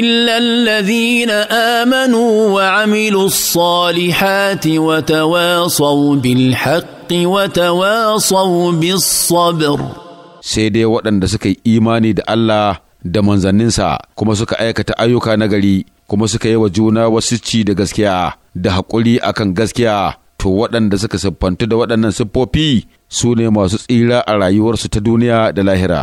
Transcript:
الا الذين امنوا وعملوا الصالحات وتواصوا بالحق وتواصوا بالصبر sai dai waɗanda suka yi imani da Allah da manzanninsa kuma suka aikata ayyuka nagari kuma suka yi wa juna wasu ci da gaskiya da haƙuri akan gaskiya to waɗanda suka siffantu da waɗannan siffofi su ne masu tsira a rayuwarsu ta duniya da lahira